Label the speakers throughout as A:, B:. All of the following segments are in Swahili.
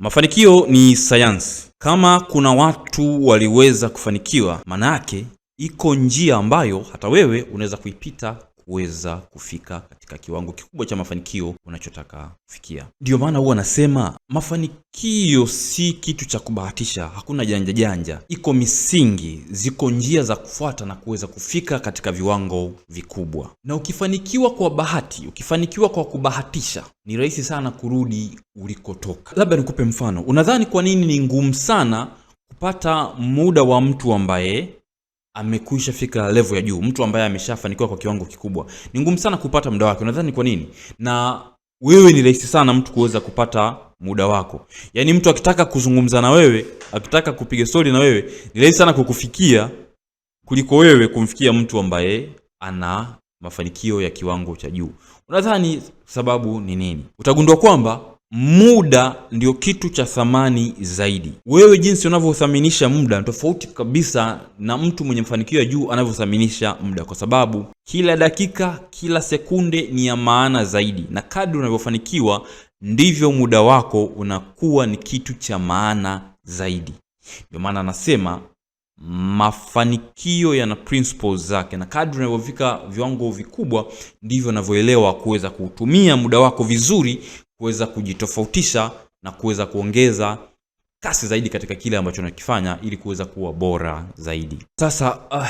A: Mafanikio ni sayansi. Kama kuna watu waliweza kufanikiwa, maana yake iko njia ambayo hata wewe unaweza kuipita kuweza kufika katika kiwango kikubwa cha mafanikio unachotaka kufikia. Ndio maana huwa anasema mafanikio si kitu cha kubahatisha, hakuna janja janja, iko misingi, ziko njia za kufuata na kuweza kufika katika viwango vikubwa. Na ukifanikiwa kwa bahati, ukifanikiwa kwa kubahatisha, ni rahisi sana kurudi ulikotoka. Labda nikupe mfano. Unadhani kwa nini ni ngumu sana kupata muda wa mtu ambaye amekwisha fika level ya juu, mtu ambaye ameshafanikiwa kwa kiwango kikubwa, ni ngumu sana kupata muda wake. Unadhani kwa nini? Na wewe ni rahisi sana mtu kuweza kupata muda wako. Yaani mtu akitaka kuzungumza na wewe, akitaka kupiga stori na wewe, ni rahisi sana kukufikia kuliko wewe kumfikia mtu ambaye ana mafanikio ya kiwango cha juu. Unadhani sababu ni nini? Utagundua kwamba Muda ndio kitu cha thamani zaidi. Wewe jinsi unavyothaminisha muda tofauti kabisa na mtu mwenye mafanikio ya juu anavyothaminisha muda, kwa sababu kila dakika, kila sekunde ni ya maana zaidi, na kadri unavyofanikiwa ndivyo muda wako unakuwa ni kitu cha maana zaidi. Ndio maana anasema mafanikio yana principles zake, na kadri unavyofika viwango vikubwa ndivyo unavyoelewa kuweza kuutumia muda wako vizuri kuweza kujitofautisha na kuweza kuongeza kasi zaidi katika kile ambacho nakifanya ili kuweza kuwa bora zaidi. Sasa uh,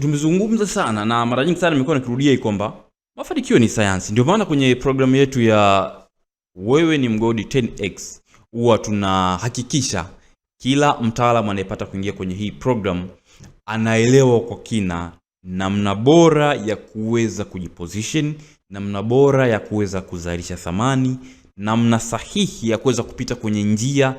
A: tumezungumza sana na mara nyingi sana nimekuwa nikirudia hii kwamba mafanikio ni sayansi. Ndio maana kwenye programu yetu ya wewe ni mgodi 10x huwa tunahakikisha kila mtaalamu anayepata kuingia kwenye hii program anaelewa kwa kina namna bora ya kuweza kujiposition namna bora ya kuweza kuzalisha thamani, namna sahihi ya kuweza kupita kwenye njia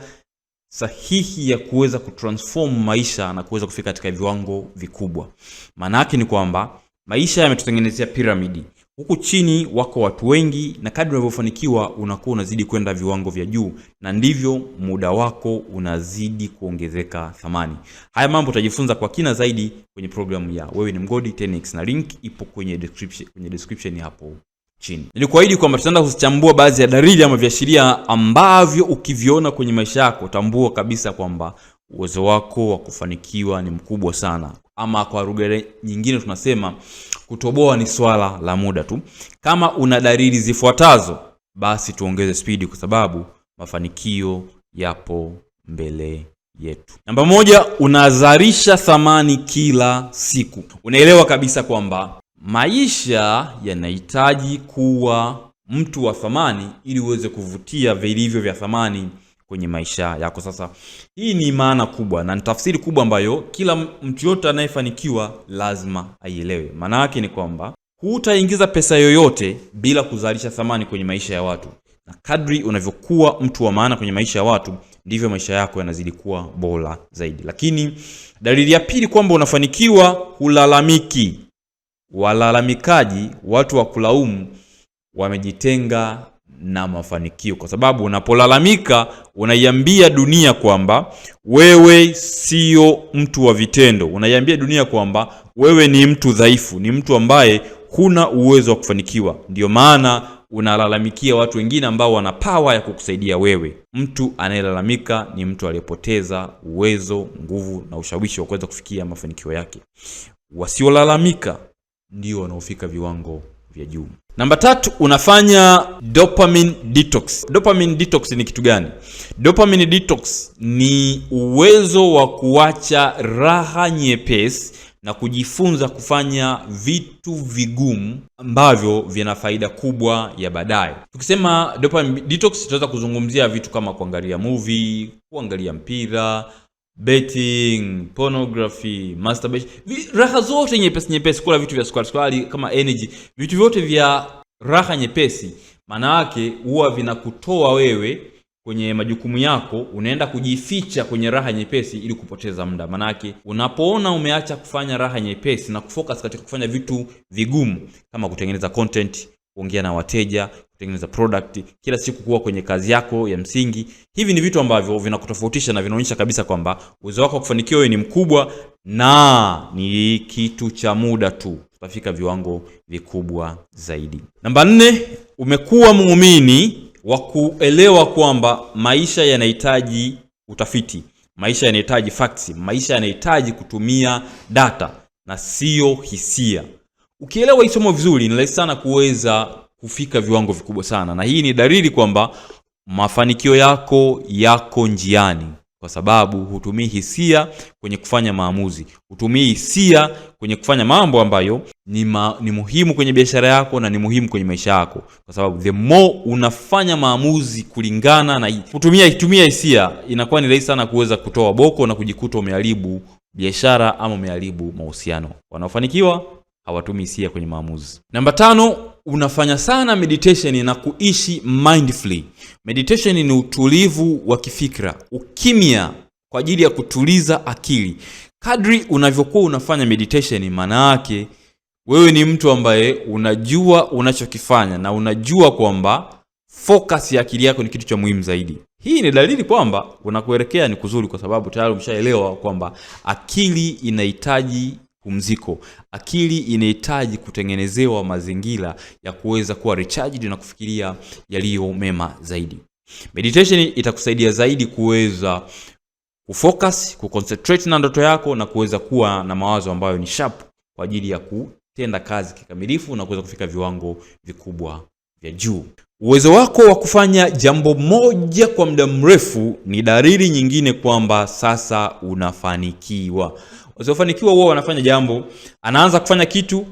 A: sahihi ya kuweza kutransform maisha na kuweza kufika katika viwango vikubwa. Maana yake ni kwamba maisha yametutengenezea piramidi Huku chini wako watu wengi, na kadri unavyofanikiwa unakuwa unazidi kwenda viwango vya juu, na ndivyo muda wako unazidi kuongezeka thamani. Haya mambo utajifunza kwa kina zaidi kwenye programu ya Wewe ni Mgodi 10X, na link ipo kwenye description, kwenye description hapo chini. Nilikuahidi kwamba tutaenda kuzichambua baadhi ya dalili ama viashiria ambavyo ukiviona kwenye maisha yako, tambua kabisa kwamba uwezo wako wa kufanikiwa ni mkubwa sana ama kwa lugha nyingine tunasema kutoboa ni swala la muda tu. Kama una dalili zifuatazo, basi tuongeze spidi, kwa sababu mafanikio yapo mbele yetu. Namba moja, unazalisha thamani kila siku. Unaelewa kabisa kwamba maisha yanahitaji kuwa mtu wa thamani ili uweze kuvutia vilivyo vya thamani kwenye maisha yako. Sasa hii ni maana kubwa na ni tafsiri kubwa ambayo kila mtu yote anayefanikiwa lazima aielewe. Maana yake ni kwamba hutaingiza pesa yoyote bila kuzalisha thamani kwenye maisha ya watu, na kadri unavyokuwa mtu wa maana kwenye maisha ya watu ndivyo maisha yako yanazidi kuwa bora zaidi. Lakini dalili ya pili kwamba unafanikiwa, hulalamiki. Walalamikaji, watu wa kulaumu, wamejitenga na mafanikio, kwa sababu unapolalamika unaiambia dunia kwamba wewe sio mtu wa vitendo, unaiambia dunia kwamba wewe ni mtu dhaifu, ni mtu ambaye huna uwezo wa kufanikiwa. Ndiyo maana unalalamikia watu wengine ambao wana power ya kukusaidia wewe. Mtu anayelalamika ni mtu aliyepoteza uwezo, nguvu na ushawishi wa kuweza kufikia mafanikio yake. Wasiolalamika ndio wanaofika viwango vya juu. Namba tatu, unafanya dopamine detox. Dopamine detox ni kitu gani? Dopamine detox ni uwezo wa kuacha raha nyepesi na kujifunza kufanya vitu vigumu ambavyo vina faida kubwa ya baadaye. Tukisema dopamine detox, tunaweza kuzungumzia vitu kama kuangalia movie, kuangalia mpira betting, pornography, masturbation, raha zote nyepesi nyepesi, kula vitu vya sukari sukari kama energy, vitu vyote vya raha nyepesi, maana yake huwa vinakutoa wewe kwenye majukumu yako, unaenda kujificha kwenye raha nyepesi ili kupoteza muda. Manake unapoona umeacha kufanya raha nyepesi na kufocus katika kufanya vitu vigumu kama kutengeneza content kuongea na wateja, kutengeneza product, kila siku kuwa kwenye kazi yako ya msingi. Hivi ni vitu ambavyo vinakutofautisha na vinaonyesha kabisa kwamba uwezo wako wa kufanikiwa wewe ni mkubwa na ni kitu cha muda tu, tutafika viwango vikubwa zaidi. Namba nne, umekuwa muumini wa kuelewa kwamba maisha yanahitaji utafiti, maisha yanahitaji facts, maisha yanahitaji kutumia data na siyo hisia. Ukielewa hii somo vizuri, ni rahisi sana kuweza kufika viwango vikubwa sana, na hii ni dalili kwamba mafanikio yako yako njiani, kwa sababu hutumii hisia kwenye kufanya maamuzi, hutumii hisia kwenye kufanya mambo ambayo ni, ma, ni muhimu kwenye biashara yako na ni muhimu kwenye maisha yako, kwa sababu the more unafanya maamuzi kulingana na kutumia kutumia hisia, inakuwa ni rahisi sana kuweza kutoa boko na kujikuta umeharibu biashara ama umeharibu mahusiano. Wanaofanikiwa hawatumi hisia kwenye maamuzi. Namba tano, unafanya sana meditation na kuishi mindfully. Meditation ni utulivu wa kifikra, ukimya kwa ajili ya kutuliza akili. Kadri unavyokuwa unafanya meditation, maana yake wewe ni mtu ambaye unajua unachokifanya na unajua kwamba focus ya akili yako ni kitu cha muhimu zaidi. Hii ni dalili kwamba unakuelekea ni kuzuri, kwa sababu tayari umeshaelewa kwamba akili inahitaji pumziko. Akili inahitaji kutengenezewa mazingira ya kuweza kuwa recharged na kufikiria yaliyo mema zaidi. Meditation itakusaidia zaidi kuweza kufocus, kuconcentrate na ndoto yako na kuweza kuwa na mawazo ambayo ni sharp kwa ajili ya kutenda kazi kikamilifu na kuweza kufika viwango vikubwa vya juu. Uwezo wako wa kufanya jambo moja kwa muda mrefu ni dalili nyingine kwamba sasa unafanikiwa. Wasiofanikiwa huwa wanafanya jambo, anaanza kufanya kitu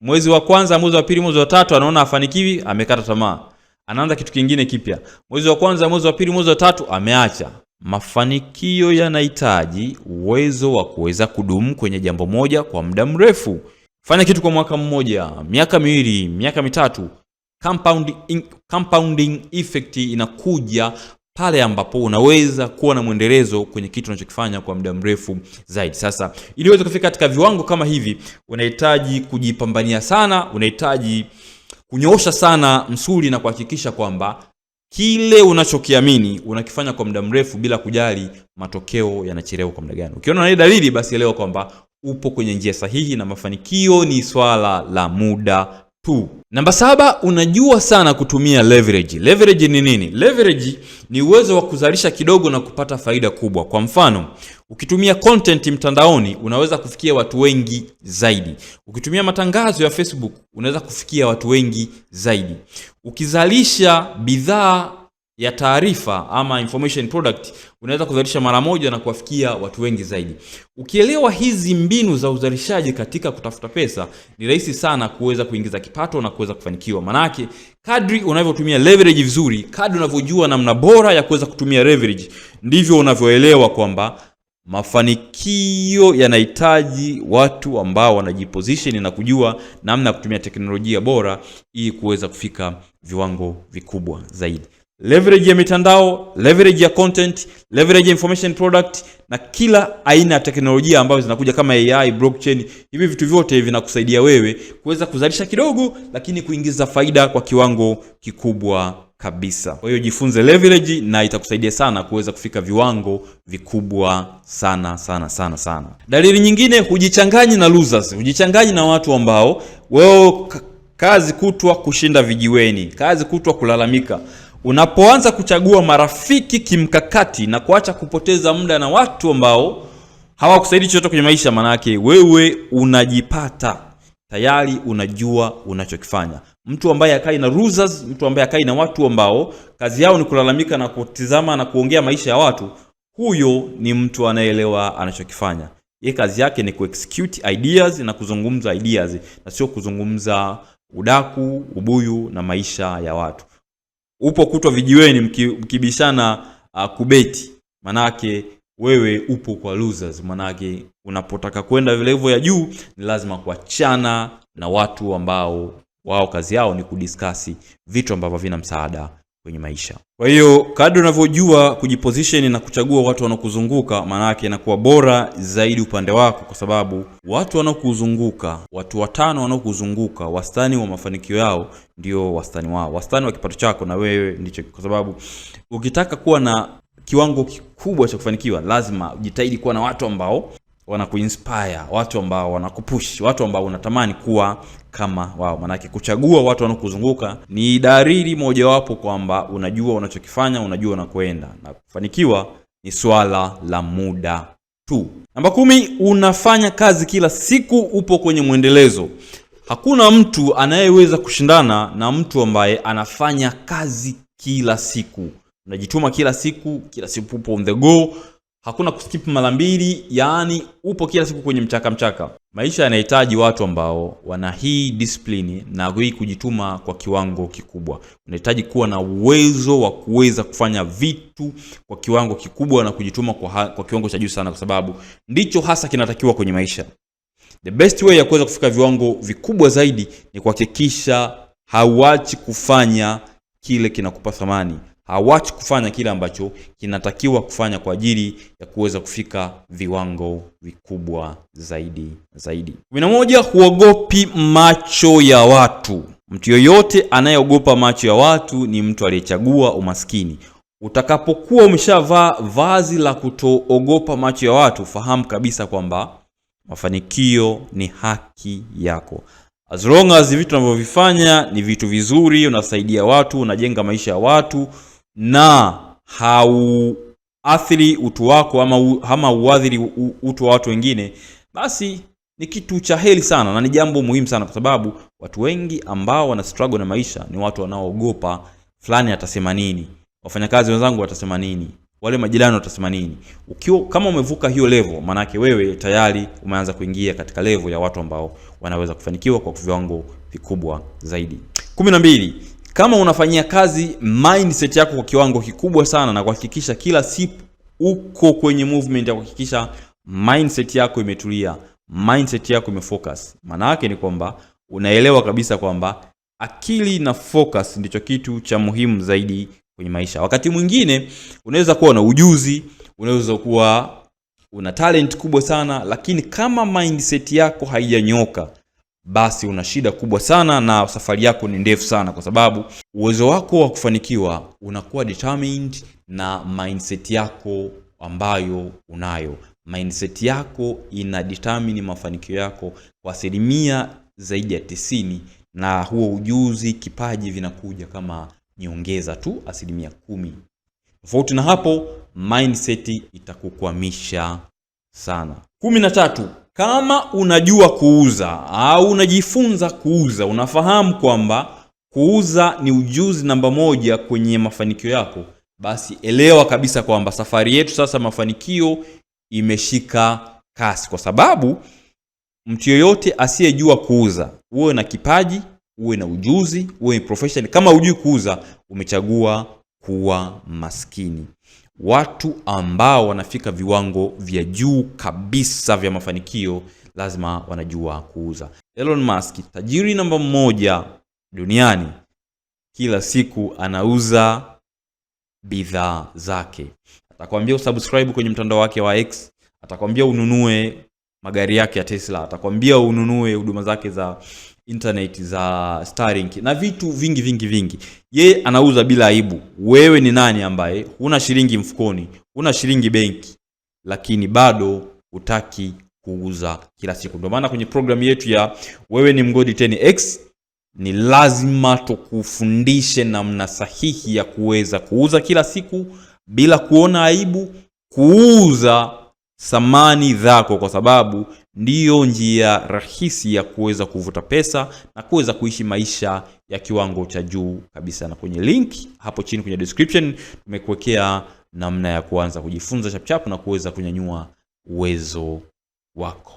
A: mwezi wa kwanza, mwezi wa pili, mwezi wa tatu, anaona afanikiwi, amekata tamaa, anaanza kitu kingine kipya, mwezi wa kwanza, mwezi wa pili, mwezi wa tatu, ameacha. Mafanikio yanahitaji uwezo wa kuweza kudumu kwenye jambo moja kwa muda mrefu. Fanya kitu kwa mwaka mmoja, miaka miwili, miaka mitatu. Compounding, compounding effect inakuja pale ambapo unaweza kuwa na mwendelezo kwenye kitu unachokifanya kwa muda mrefu zaidi. Sasa ili uweze kufika katika viwango kama hivi, unahitaji kujipambania sana, unahitaji kunyoosha sana msuli na kuhakikisha kwamba kile unachokiamini unakifanya kwa muda mrefu bila kujali matokeo yanachelewa kwa muda gani. Ukiona ile dalili, basi elewa kwamba upo kwenye njia sahihi na mafanikio ni swala la muda tu. Namba saba, unajua sana kutumia leverage. Leverage ni nini? Leverage ni uwezo wa kuzalisha kidogo na kupata faida kubwa. Kwa mfano, ukitumia content mtandaoni unaweza kufikia watu wengi zaidi. Ukitumia matangazo ya Facebook unaweza kufikia watu wengi zaidi. Ukizalisha bidhaa ya taarifa ama information product unaweza kuzalisha mara moja na kuwafikia watu wengi zaidi. Ukielewa hizi mbinu za uzalishaji katika kutafuta pesa, ni rahisi sana kuweza kuingiza kipato na kuweza kufanikiwa. Manake kadri unavyotumia leverage vizuri, kadri unavyojua namna bora ya kuweza kutumia leverage, ndivyo unavyoelewa kwamba mafanikio yanahitaji watu ambao wanajiposition na kujua namna ya kutumia teknolojia bora ili kuweza kufika viwango vikubwa zaidi leverage ya mitandao, leverage ya content, leverage ya information product na kila aina ya teknolojia ambazo zinakuja kama AI, blockchain. Hivi vitu vyote vinakusaidia wewe kuweza kuzalisha kidogo, lakini kuingiza faida kwa kiwango kikubwa kabisa. Kwa hiyo jifunze leverage na itakusaidia sana kuweza kufika viwango vikubwa sana sana sana sana. Dalili nyingine, hujichanganyi na losers, hujichanganyi na watu ambao wewe kazi kutwa kushinda vijiweni, kazi kutwa kulalamika Unapoanza kuchagua marafiki kimkakati na kuacha kupoteza muda na watu ambao hawakusaidii chochote kwenye maisha, manake wewe unajipata tayari unajua unachokifanya. Mtu ambaye akai na losers, mtu ambaye akai na watu ambao kazi yao ni kulalamika na kutizama na kuongea maisha ya watu, huyo ni mtu anayeelewa anachokifanya. Ye kazi yake ni kuexecute ideas na kuzungumza ideas na sio kuzungumza udaku, ubuyu na maisha ya watu upo kutwa vijiweni mkibishana uh, kubeti, manake wewe upo kwa losers. Manake unapotaka kwenda vilevo ya juu ni lazima kuachana na watu ambao wao kazi yao ni kudiskasi vitu ambavyo vina msaada kwenye maisha. Kwa hiyo kadri unavyojua kujiposition na kuchagua watu wanaokuzunguka, maana yake inakuwa bora zaidi upande wako, kwa sababu watu wanaokuzunguka, watu watano wanaokuzunguka, wastani wa mafanikio yao ndio wastani wao, wastani wa kipato chako na wewe ndicho, kwa sababu ukitaka kuwa na kiwango kikubwa cha kufanikiwa lazima ujitahidi kuwa na watu ambao wanakuinspire, watu ambao wanakupush, watu ambao unatamani kuwa kama wao. Manake kuchagua watu wanaokuzunguka ni dalili mojawapo kwamba unajua unachokifanya, unajua unakwenda, na kufanikiwa ni swala la muda tu. Namba kumi, unafanya kazi kila siku, upo kwenye mwendelezo. Hakuna mtu anayeweza kushindana na mtu ambaye anafanya kazi kila siku. Unajituma kila siku, kila siku upo on the go hakuna kuskip mara mbili, yaani upo kila siku kwenye mchaka mchaka. Maisha yanahitaji watu ambao wana hii discipline na hii kujituma kwa kiwango kikubwa. Unahitaji kuwa na uwezo wa kuweza kufanya vitu kwa kiwango kikubwa na kujituma kwa, kwa kiwango cha juu sana, kwa sababu ndicho hasa kinatakiwa kwenye maisha. The best way ya kuweza kufika viwango vikubwa zaidi ni kuhakikisha hauachi kufanya kile kinakupa thamani hawachi kufanya kile ambacho kinatakiwa kufanya kwa ajili ya kuweza kufika viwango vikubwa zaidi zaidi. kumi na moja, huogopi macho ya watu. Mtu yoyote anayeogopa macho ya watu ni mtu aliyechagua umaskini. Utakapokuwa umeshavaa vazi la kutoogopa macho ya watu, fahamu kabisa kwamba mafanikio ni haki yako. As long as vitu unavyovifanya ni vitu vizuri, unasaidia watu, unajenga maisha ya watu na hauathiri utu wako ama ama uathiri utu wa watu wengine, basi ni kitu cha heli sana na ni jambo muhimu sana, kwa sababu watu wengi ambao wana struggle na maisha ni watu wanaoogopa fulani atasema nini, wafanyakazi wenzangu watasema nini, wale majirani watasema nini. Ukiwa kama umevuka hiyo level, maanake wewe tayari umeanza kuingia katika level ya watu ambao wanaweza kufanikiwa kwa viwango vikubwa zaidi. kumi na mbili. Kama unafanyia kazi mindset yako kwa kiwango kikubwa sana na kuhakikisha kila siku uko kwenye movement ya kuhakikisha mindset yako imetulia, mindset yako imefocus, maana yake ni kwamba unaelewa kabisa kwamba akili na focus ndicho kitu cha muhimu zaidi kwenye maisha. Wakati mwingine unaweza kuwa na ujuzi, unaweza kuwa una talent kubwa sana, lakini kama mindset yako haijanyoka basi una shida kubwa sana na safari yako ni ndefu sana, kwa sababu uwezo wako wa kufanikiwa unakuwa determined na mindset yako ambayo unayo. Mindset yako ina determine mafanikio yako kwa asilimia zaidi ya tisini, na huo ujuzi, kipaji vinakuja kama nyongeza tu asilimia kumi. Tofauti na hapo, mindset itakukwamisha sana. kumi na tatu kama unajua kuuza au unajifunza kuuza, unafahamu kwamba kuuza ni ujuzi namba moja kwenye mafanikio yako, basi elewa kabisa kwamba safari yetu sasa mafanikio imeshika kasi, kwa sababu mtu yoyote asiyejua kuuza, uwe na kipaji, uwe na ujuzi, uwe professional, kama hujui kuuza, umechagua kuwa maskini. Watu ambao wanafika viwango vya juu kabisa vya mafanikio lazima wanajua kuuza. Elon Musk, tajiri namba moja duniani, kila siku anauza bidhaa zake. Atakwambia usubscribe kwenye mtandao wake wa X, atakwambia ununue magari yake ya Tesla, atakwambia ununue huduma zake za internet za Starlink na vitu vingi vingi vingi. Ye anauza bila aibu. Wewe ni nani ambaye huna shilingi mfukoni, huna shilingi benki, lakini bado hutaki kuuza kila siku? Ndio maana kwenye programu yetu ya wewe ni mgodi 10x ni lazima tukufundishe namna sahihi ya kuweza kuuza kila siku bila kuona aibu, kuuza thamani zako, kwa sababu ndiyo njia rahisi ya kuweza kuvuta pesa na kuweza kuishi maisha ya kiwango cha juu kabisa. Na kwenye link hapo chini kwenye description tumekuwekea namna ya kuanza kujifunza chapchap na kuweza kunyanyua uwezo wako.